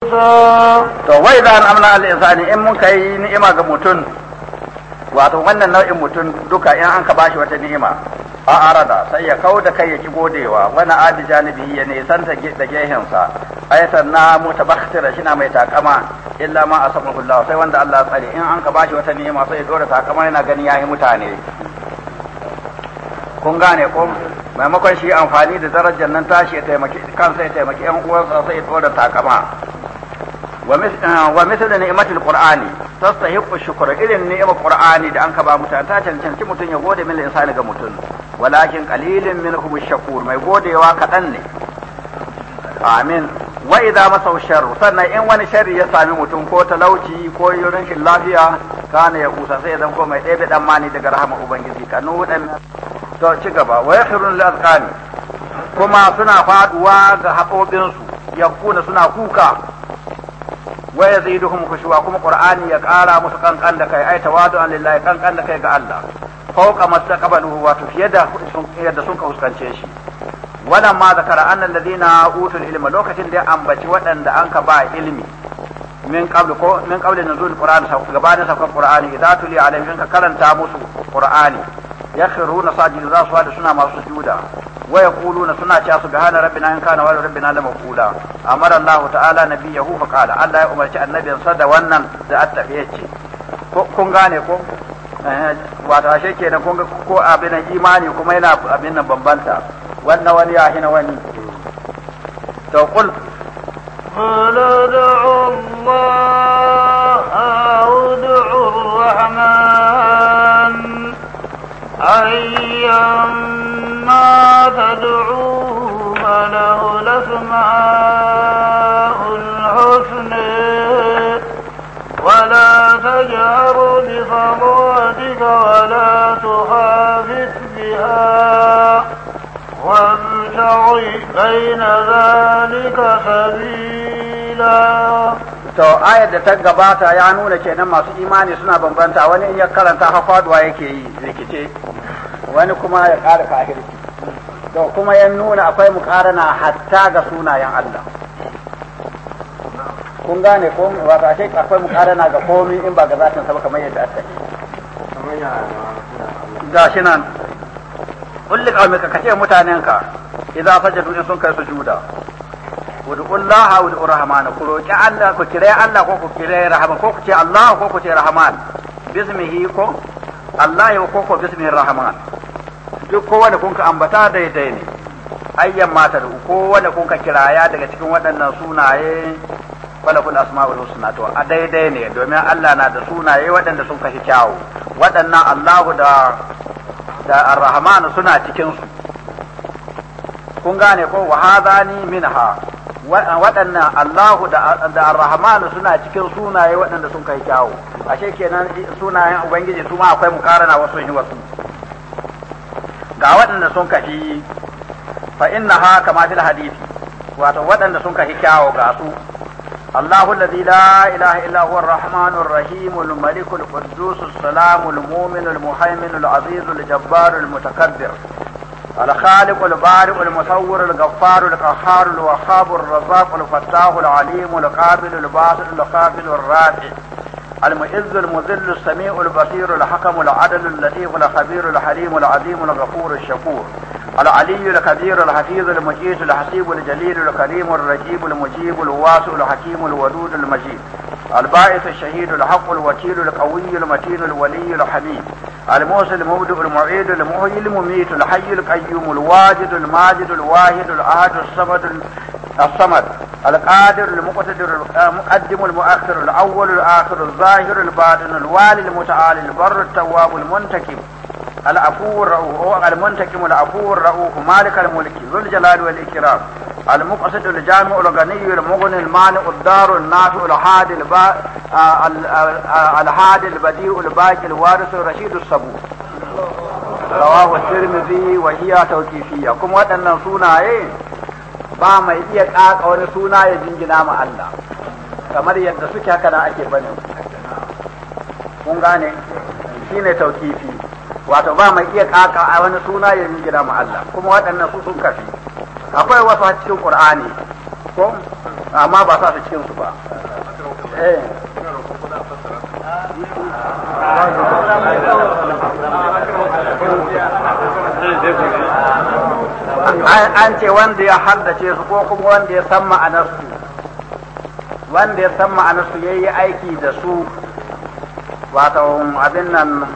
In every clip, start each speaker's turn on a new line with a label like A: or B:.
A: to wai za an amna al insani in mun kai ni'ima ga mutum wato wannan nau'in mutum duka in an ka bashi wata ni'ima a arada sai ya kau da kai ya ki godewa wani adi janibi ya nisan ta da gehensa ayatan na mutabakhtira na mai takama illa ma asabahu Allah sai wanda Allah tsare in an ka bashi wata ni'ima sai ya dora takama yana gani yayi mutane kun gane ko maimakon shi amfani da darajar nan tashi ya taimaki kansa ya taimaki yan uwansa sai ya dora takama wa misali ah, ni'imatul qur'ani tastahiqu shukra irin ni'imar qur'ani da an ka ba mutane ta cancanci mutum ya gode min insani ga mutum walakin qalilin minhum shakur mai godewa kaɗan ne amin wa idza masau sharru sannan in wani sharri ya sami mutum ko talauci ko rashin lafiya kana ya kusa sai zan ko mai ɗebe dan mani daga rahama ubangiji kanu dan to ci gaba wa yahrun lil kuma suna faduwa ga haƙoƙinsu yakuna suna kuka wa yaziduhum khushu'a kuma qur'ani ya kara musu kankan da kai ai tawadu'an lillahi kankan da kai ga Allah fawqa mastaqbaluhu wato fiye da yadda sun ka huskance shi wannan ma zakara annal ladina utul ilma lokacin da ya ambaci waɗanda an ka ba ilimi min qabl ko min qabl nuzul qur'an gabanin saukar qur'ani idza tuli alaihim ka karanta musu qur'ani yakhruna sajidin za su wada suna masu juda. wa yaquluna suna cewa subhana rabbina in kana na rabbina la maqula amara Allah ta'ala na nabiyahu fa kala Allah ya umarci annabinsa da wannan da attafiye ce kun gane ko wato ashe kenan kun ko abin imani kuma yana abin nan bambanta wannan wani ya hina wani to qul الأسماء الحسنى ولا تجهر بصلاتك ولا تخافت بها وابتغ بين ذلك سبيلا to ayar da ta gabata ya nuna kenan masu imani suna bambanta wani in ya karanta hafaduwa yake yi rikice wani kuma ya ƙara kafirci to kuma yan nuna akwai mukarana hatta ga sunayen Allah kun gane ko ba ka ce akwai mukarana ga komai in ba ga zatin sa ba kamar yadda aka yi ga shi nan ka qaumika kace ka. idan sajadu in sun kai sujuda wad'ullaha wad'ur rahman ku roki Allah ku kire Allah ko ku kire rahman ko ku ce Allah ko ku ce rahman bismihi ko Allah ko ku bismihi rahman duk kowane kun ka ambata daidai ne ayyan mata da kowane kun ka kiraya daga cikin waɗannan sunaye falakul asma'ul husna to a daidai ne domin Allah na da sunaye waɗanda sun kashi kyawu waɗannan Allahu da da arrahman rahman suna cikin su kun gane ko wa hadani minha waɗannan Allahu da Ar-Rahman suna cikin sunaye waɗanda sun kai kyawu ashe kenan sunayen Ubangiji su ma akwai mukarana wasu shi wasu ga waɗanda sun kafi fa inna ha kama fil hadisi wato waɗanda sun kafi kyawo ga su Allahu la ilaha illa huwa ar-rahmanur rahim al-malik al-quddus as-salam al-mu'min al-muhaymin al-aziz al-jabbar al-mutakabbir الخالق البارئ المصور الغفار القهار الوهاب الرزاق الفتاح العليم القابل القابل الرافع المعز المذل السميع البصير الحكم العدل اللطيف الخبير الحليم العظيم الغفور الشكور العلي الكبير الحفيظ المجيد الحسيب الجليل الكريم الرجيب المجيب الواسع الحكيم الودود المجيد الباعث الشهيد الحق الوكيل القوي المتين الولي الحميد الموسى المبدع المعيد المحيي المميت الحي القيوم الواجد الماجد الواحد الأحد الصمد الصمد القادر المقتدر المقدم آه، المؤخر الأول الآخر الظاهر الباطن الوالي المتعالي البر التواب المنتكب العفو الرؤوف المنتكم العفو الرؤوف مالك الملك ذو الجلال والإكرام المقصد الجامع الغني المغني المانع الدار النافع الحادي البا آه، آه، الحاد البديع الباقي الوارث الرشيد الصبور رواه الترمذي وهي توقيفية كم ودنا ايه ba mai iya ƙaƙa wani suna ya jingina ma Allah kamar yadda suke haka nan ake bane kun gane shi ne tauƙifi wato ba mai iya ƙaƙa a wani suna ya jingina ma Allah kuma waɗannan su sun kafi akwai wasu a cikin ƙur'ani ko amma ba sa su cikin su ba eh an ce wanda ya haddace su ko kuma wanda ya san ma'anarsu wanda ya san ma'anarsu ya yi aiki da su wato abin nan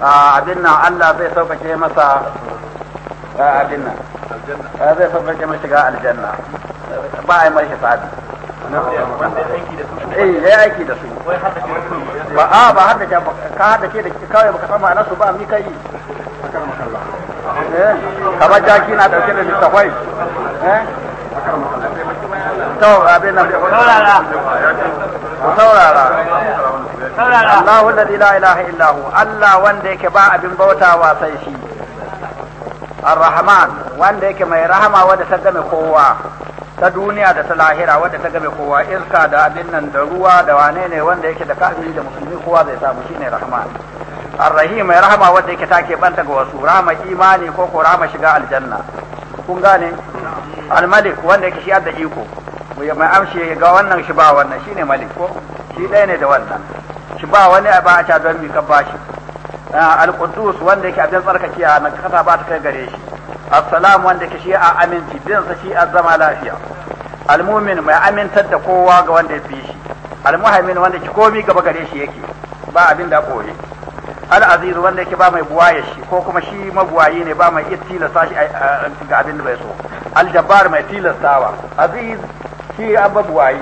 A: abin nan Allah zai sauƙaƙe masa abin nan zai sauƙaƙe masa shiga aljanna ba a yi mai hisabi eh ya aiki da su ba a ba haddace ka haddace da kawai baka san ma'anarsu ba mi kai Eh? kamar jaki na ɗauke da littafai eh? saurara Allahu la ilaha Allah wanda yake ba abin bautawa sai shi Ar-Rahman wanda yake mai rahama wanda ta game kowa ta duniya da ta lahira wanda ta game kowa iska da abin nan da ruwa da wane ne wanda yake da kafiri da musulmi kowa zai samu shine Rahman Arrahi mai rahama wanda yake take banta ga wasu rahama imani ko ko rahama shiga aljanna kun gane almalik wanda yake shi da iko mai amshi ga wannan shi ba wannan shine malik ko shi ɗaya ne da wannan shi ba wani ba a don mi ka bashi ah, alqudus wanda yake abin tsarkake a nan kasa ba ta kai gare shi assalamu wanda yake shi a aminci bin sa shi a zama lafiya almumin mai amintar da kowa ga wanda ya fi shi almuhaimin wanda ki komi gaba gare shi yake ba abin da koyi al-aziz wanda yake ba mai buwaye shi ko kuma shi mabuwaye ne ba mai iya tilasta shi eh, eh, ga abin da bai so al-jabbar mai tilastawa aziz shi an mabuwaye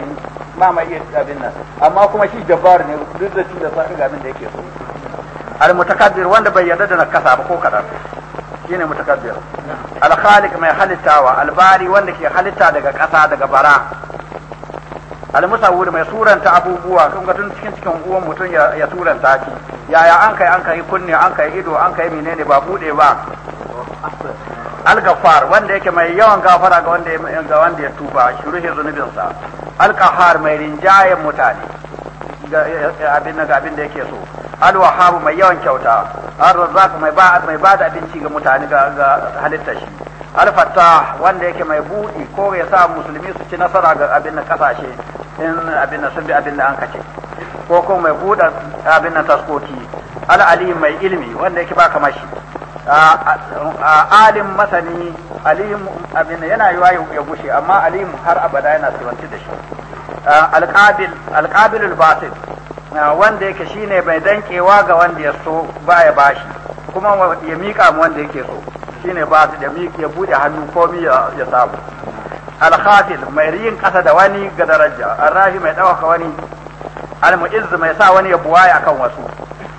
A: ba mai iya abin nan amma kuma shi jabbar ne duk da tilasta shi ga abin da yake so al-mutakabbir wanda bai yarda da kasa ba ko kadan shine ne al-khaliq mai halittawa Albari wanda ke halitta daga kasa daga bara al-musawwir mai suranta abubuwa kun ga tun cikin cikin uwan mutum ya suranta shi yaya an kai an kai kunne an kai ido an kai menene ba bude ba al-ghaffar wanda yake mai yawan gafara ga wanda ga wanda ya tuba shi zunubin sa al qahar mai rinjaye mutane abin da abin da yake so al-wahhab mai yawan kyauta ar-razzaq mai ba mai ba da abinci ga mutane ga halitta shi al-fattah wanda yake mai buɗi ko ya sa musulmi su ci nasara ga abin da kasashe in abin sun bi abin da an kace ko ko mai buɗe abin nan taskoki al'ali mai ilmi wanda yake baka mashi alim masani alim abin yana yiwa ya gushe amma alim har abada yana sifanci da shi alqabil alqabilul batil wanda yake shine mai dankewa ga wanda ya so baya bashi kuma ya mika mu wanda yake so shine ba ya mika ya bude hannu komi ya samu alkhafil mai riyin kasa da wani ga daraja arrahi mai ɗaukaka wani almu'izz mai sa wani ya buwaye akan wasu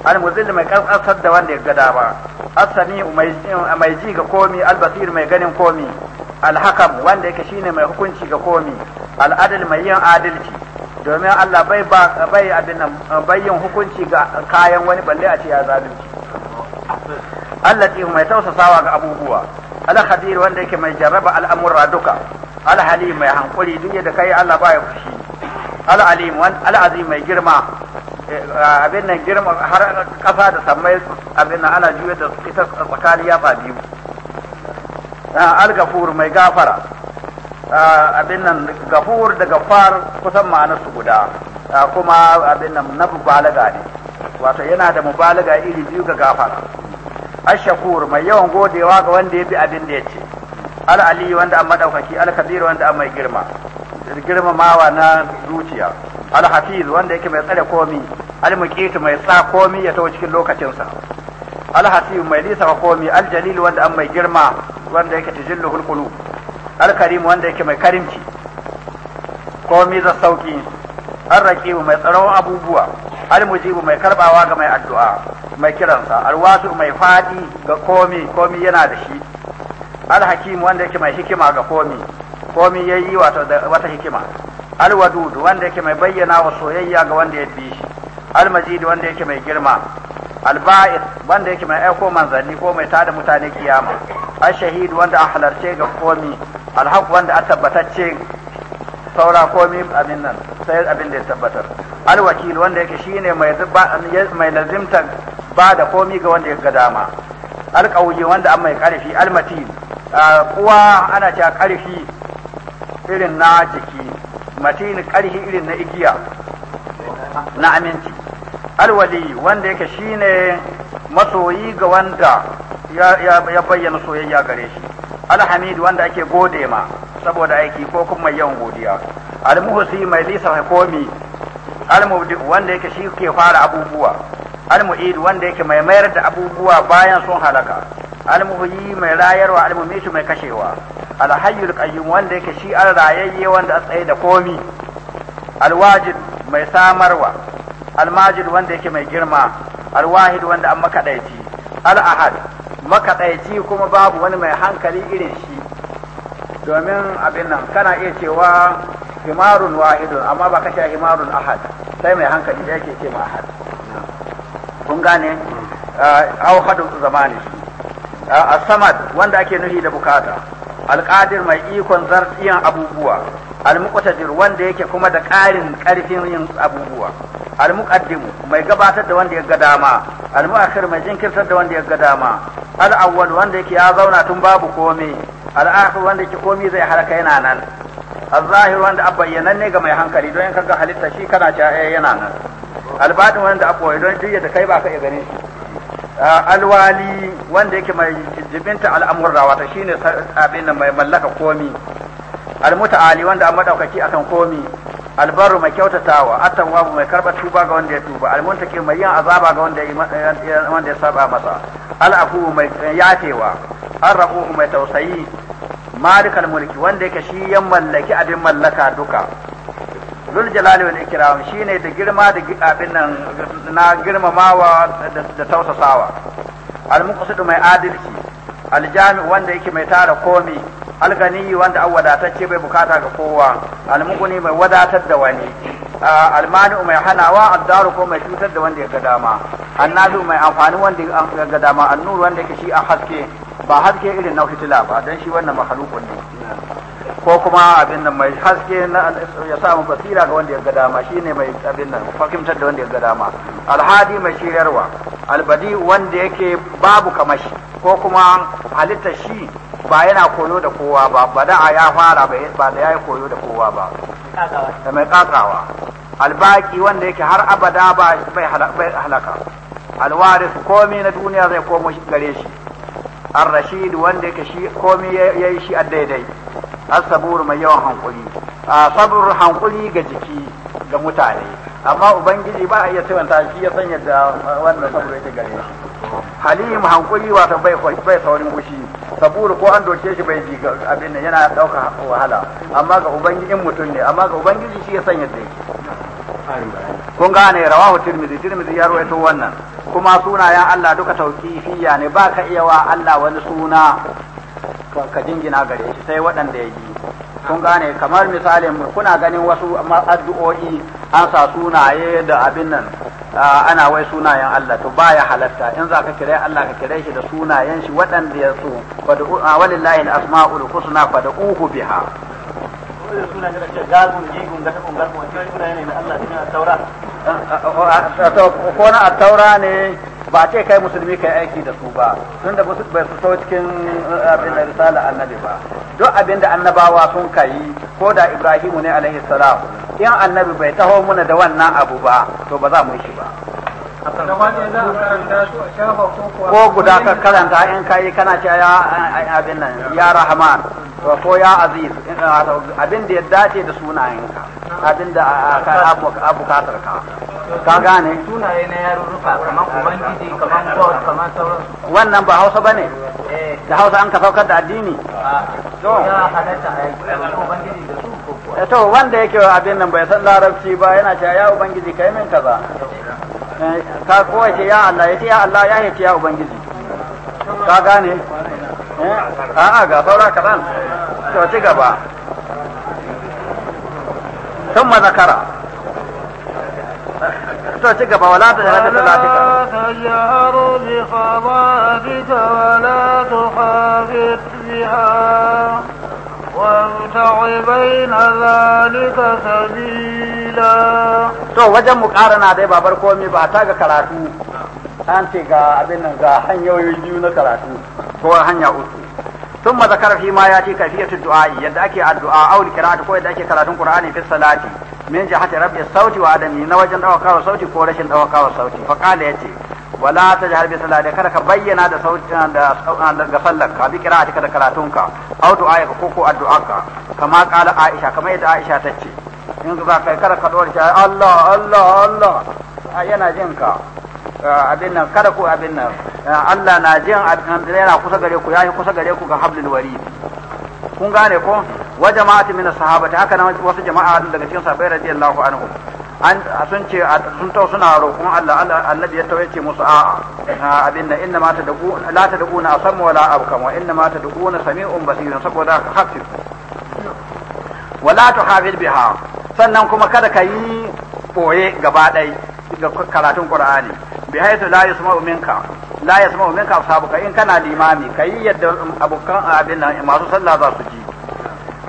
A: almuzill mai kasar da wanda ya gada ba asani mai ji ga komi albasir mai ganin komi alhakam wanda yake shine mai hukunci ga komi al'adil mai yin adalci domin Allah bai ba bai abin bai yin hukunci ga kayan wani balle a ce ya zalunci Allah mai tausasawa ga abubuwa al wanda yake mai jarraba al'amura duka alhalim mai hankuri duk yadda kai Allah ba ya fushi alhalim wan alazim mai girma eh, abin nan girma har kafa da samai abin nan ana juya da ita tsakani ya fa biyu al-gafur mai gafara abin nan gafur da gafar kusan ma'ana su guda kuma abin nan na mubalaga ne wato yana da mubalaga iri biyu ga gafara ashakur mai yawan godewa ga wanda ya bi abin da ya ce al ali wanda an madaukaki al kabir wanda an mai girma girma mawa na zuciya al hafiz wanda yake mai tsare komi al muqit mai sa komi ya tawo cikin lokacinsa al hasib mai lisa komi al jalil wanda an mai girma wanda yake tijillu hulqulu al karim wanda yake mai karimci komi za sauki al raqib mai tsaron abubuwa al mujib mai karbawa ga mai addu'a mai kiransa al wasu mai fadi ga komi komi yana da shi alhakim wanda yake mai hikima ga komi komi ya yi wata hikima alwadud wanda yake mai bayyana wa soyayya ga wanda ya bi shi almajid wanda yake mai girma alba'is wanda yake mai aiko manzanni ko mai tada mutane kiyama ashahid wanda a halarce ga komi alhaq wanda a tabbatacce saura komi abin nan sai abin da ya tabbatar alwakil wanda yake shine mai mai lazimta ba da komi ga wanda ya ga dama alƙauye wanda an mai ƙarfi almatin Ah, kuwa ana cewa ƙarfi irin na jiki matini ƙarfi irin na igiya na aminci alwali wanda yake shine masoyi ga wanda ya bayyana soyayya gare shi alhamid wanda ake gode ma saboda aiki ko kuma yawan godiya almuhsi mai lisa komi almubdi wanda yake shi ke fara abubuwa almu'id wanda yake mai mayar da abubuwa bayan sun halaka almuhyi mai rayarwa almumitu mai kashewa alhayyul qayyum wanda yake shi an rayayye wanda a tsaye da komi alwajid mai samarwa almajid wanda yake mai girma alwahid wanda an makadaici al'ahad makaɗaici kuma babu wani mai hankali irin shi domin abin nan kana iya cewa himarun wahidun amma ba kashe himarun ahad sai mai hankali da yake ce ma ahad kun gane hmm. ah, au hadu zamani as-samad wanda ake nuhi da bukata al-qadir mai ikon zartiyan abubuwa al-muqtadir wanda yake kuma da ƙarin ƙarfin yin abubuwa al-muqaddim mai gabatar da wanda ya ga dama al-mu'akhir mai jinkirtar da wanda ya ga dama al-awwal wanda yake ya zauna tun babu komai al-akhir wanda yake komai zai haraka yana nan al-zahir wanda a ne ga mai hankali don in kaga halitta shi kana cewa eh, yana nan al wanda a koyi don duk da kai ba ka iya ganin shi Ah, alwali wanda yake mai jibinta al'amurra wata shine abin nan mai mallaka komi almuta'ali wanda an madaukaki akan komi albaru mai kyautatawa at mai karba tuba ga wanda ya tuba almuntaqi mai yin azaba ga wanda wanda ya saba masa al'afu mai yatewa arrafu mai tausayi malikal mulki wanda yake shi ya mallaki abin mallaka duka zul jalali wal ikram shine da girma da abin nan na girmamawa da tausasawa al muqsid mai adalci al jami wanda yake mai tara komi al gani wanda an wadatacce bai bukata ga kowa al muguni mai wadatar da wani al mani mai hanawa al daru ko mai cutar da wanda ya ga dama an nazu mai amfani wanda ya ga dama an nur wanda yake shi a haske ba haske irin na fitila ba dan shi wannan mahalukun ne ko kuma abin nan mai haske na ya samu basira ga wanda ya ga dama shine mai abin nan fahimtar da wanda ya ga dama alhadi mai shiryarwa albadi wanda yake babu kamashi ko kuma halitta shi ba yana koyo da kowa ba ba da ya fara ba da ya koyo da kowa ba da mai kakawa albaki wanda yake har abada ba bai halaka alwaris komi na duniya zai komo gare shi ar-rashid wanda yake shi komi yayi shi a daidai asabur mai yawan hankuli a sabur hankuli ga jiki ga mutane amma ubangiji ba a iya ta shi ya sanya yadda wannan sabur yake gare shi halim hankuli wato bai bai saurin fushi sabur ko an doke shi bai ji abin nan yana dauka wahala amma ga ubangijin mutum ne amma ga ubangiji shi ya sanya da yake kun gane rawahu tirmidhi tirmidhi ya ruwaito wannan kuma sunayen Allah duka tauqifiyya ne ba ka iya wa Allah wani suna ka jingina gare shi sai waɗanda ya yi kun gane kamar misalin kuna ganin wasu addu'o'i an sa sunaye da abin nan ana wai sunayen Allah to baya halatta in za ka kira Allah ka kira shi da sunayen shi waɗanda ya so walillahi al-asma'ul husna uhu biha ko na attaura ne ba ce kai musulmi kai aiki da su ba tun da musu bai so cikin eh, abin da risala annabi ba duk abin da annabawa sun kai ko da ibrahimu ne alaihi salam in annabi bai taho muna da wannan abu ba to ba za mu shi ba ko guda ka karanta in kai kana cewa ya eh, abin nan ya rahman ko ya aziz eh, abin da ya dace da sunayenka abin da abu ka ka gane sunaye na yarurruka kamar ubangiji kamar god kamar wannan ba hausa bane eh. da hausa an ka saukar da addini ah. to ya halatta ubangiji da su eh, to wanda yake abin nan bai san larabci ba yana cewa ya ubangiji kai min kaza eh, ka kowa ce ya Allah ya ce ya Allah ya ce ya ubangiji ka gane a'a ga saura kaɗan to ci gaba ثم to ci gaba wala ta jahara bi salatika tajharu bi khadatika wala tukhafit biha وابتغ بين ذلك سبيلا to wajen na dai babar komi ba ta ga karatu an ce ga abin nan ga hanyoyi biyu na karatu ko hanya uku ثم ذكر فيما ياتي كيفية الدعاء يدعك الدعاء أو القراءة كو يدعك قراءة القرآن في الصلاة من جهة رفع الصوت وعدمه نوجن أوقع الصوت كورش أوقع الصوت فقال ياتي ولا تجهر بصلاة كرك بينا دا صوت دا صلك بقراءتك دا قراءتك أو دعائك كوكو الدعاء كما قال عائشة كما يدعى عائشة تتشي in ba kai kada ka dore ta Allah Allah Allah yana jinka abin nan kada ko abin nan Allah na jin yana kusa gare ku yayi kusa gare ku ga hablul warid kun gane ko wa jama'atu min sahabati haka nan wasu jama'a daga cikin sahabbai radiyallahu anhu an sun ce sun tau suna roƙon Allah annabi ya tawaye ce musu a abin nan inna ma tadqu la na asamu wala abkam wa inna ma na sami'un basir saboda hafiz wala tuhafid biha sannan kuma kada kai boye gaba dai ga karatun Qur'ani bi haythu la yusma'u minka la ya sama minka ashabuka in kana limami kai yadda abokan abin nan masu sallah za su ji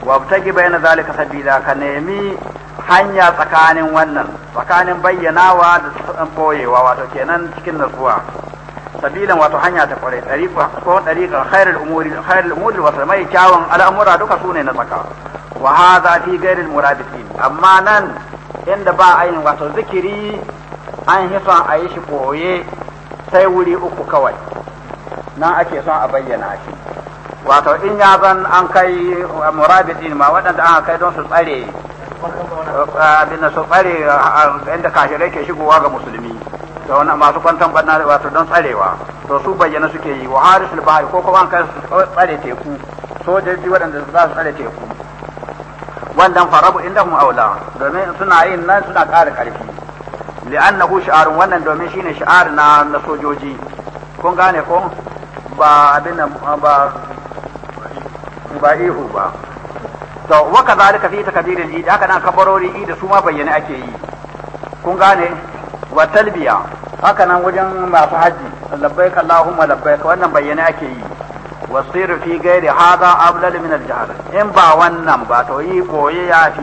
A: wa abtagi bayna zalika sabila ka nemi hanya tsakanin wannan tsakanin bayyanawa da boyewa wato kenan cikin nasuwa sabilan wato hanya ta kware tariqa ko tariqa khairul umuri khairul umuri wa mai kyawun al'amura duka sune na tsaka wa hadha fi ghairil muradifin amma nan inda ba ayin wato zikiri an hisa a yi shi koye sai wuri uku kawai nan ake son a bayyana shi wato in ya zan an kai uh, murabidin ma waɗanda an kai don su tsare uh, abin su tsare uh, inda kashirai ke shigowa ga musulmi da wani masu kwantan banna wato don tsarewa to su bayyana suke yi wa harisul bahari ko kuma an kai su tsare teku sojoji waɗanda za su tsare teku wannan farabu inda mu aula domin suna yin nan suna ƙara ƙarfi li'annahu shi'arun wannan domin shine shi'ar na na sojoji kun gane ko ba abin nan ba ba ihu ba to wa kadhalika fi takdiril id haka nan kabarori id su ma bayyane ake yi kun gane wa talbiya haka nan wajen masu haji labbaik allahumma labbaik wannan bayyane ake yi wasir fi gairi hada ablal min al in ba wannan ba to yi koyi ya fi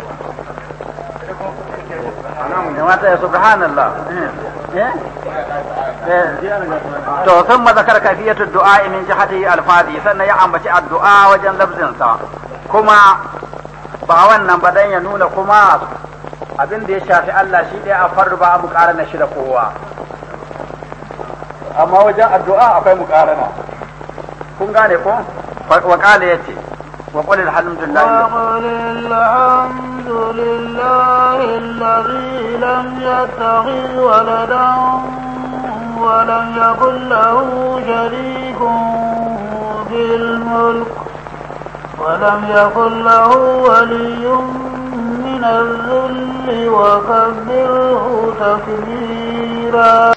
A: mata subhanallah to sun mazakar kafiyatu du'a min jihati alfadi sannan ya ambaci addu'a wajen labzinsa kuma ba wannan ba dan ya nuna kuma abin da ya shafi Allah shi ɗaya a farru ba abu na shi da kowa amma wajen addu'a akwai muƙarana kun gane ko wa ya ce wa qul alhamdulillah wa qul لله الذي لم يتخذ ولدا ولم يكن له شريك في الملك ولم يكن له ولي من الذل وكبره تكبيرا